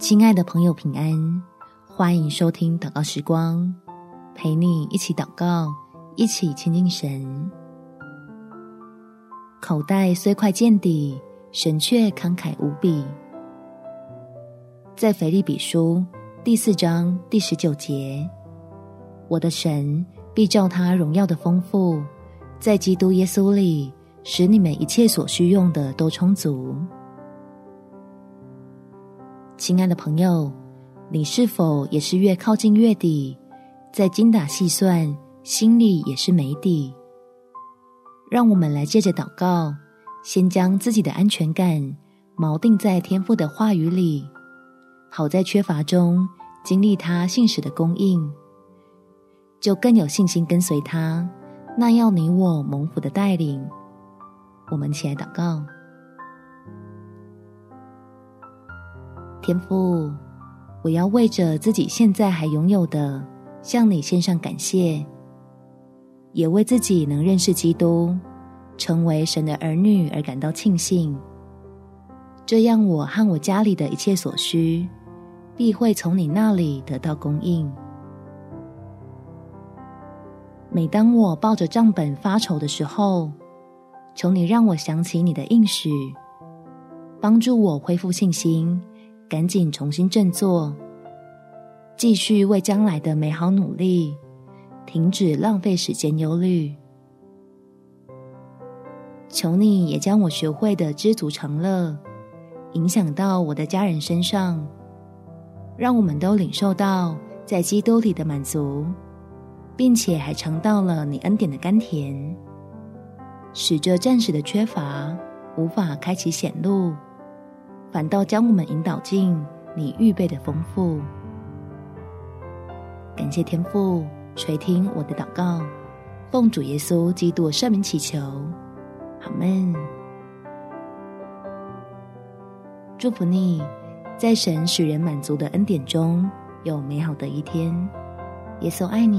親愛的朋友，平安！歡迎收聽禱告時光，陪你一起禱告，一起親近神。口袋雖快見底，神卻慷慨無比。在腓立比書第四章第十九節，我的神必照他榮耀的豐富，在基督耶穌裡，使你們一切所需用的都充足。親愛的朋友，你是否也是越靠近月底，再精打細算，心裡也是沒底？讓我們來藉著禱告，先將自己的安全感錨定在天父的話語裡，好在缺乏中經歷他信實的供應，就更有信心跟隨他。那要你我蒙福的帶領，我們起來禱告。天父，我要為着自己現在還擁有的，向你獻上感謝，也為自己能認識基督，成為神的兒女而感到慶幸。這樣我和我家裡的一切所需，必會從你那裡得到供應。每當我抱着賬本發愁的時候，求你讓我想起你的應許，幫助我恢復信心。趕緊重新振作，繼續為將來的美好努力，停止浪費時間憂慮。求你也將我學會的知足常樂，影響到我的家人身上，讓我們都領受到在基督裡的滿足，並且還嚐到了你恩典的甘甜，使這暫時的缺乏無法開啟險路。反倒將我們引導進你預備的豐富。感謝天父垂聽我的禱告，奉主耶穌基督聖名祈求，阿門。祝福你，在神使人滿足的恩典中有美好的一天。耶穌愛你，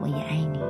我也愛你。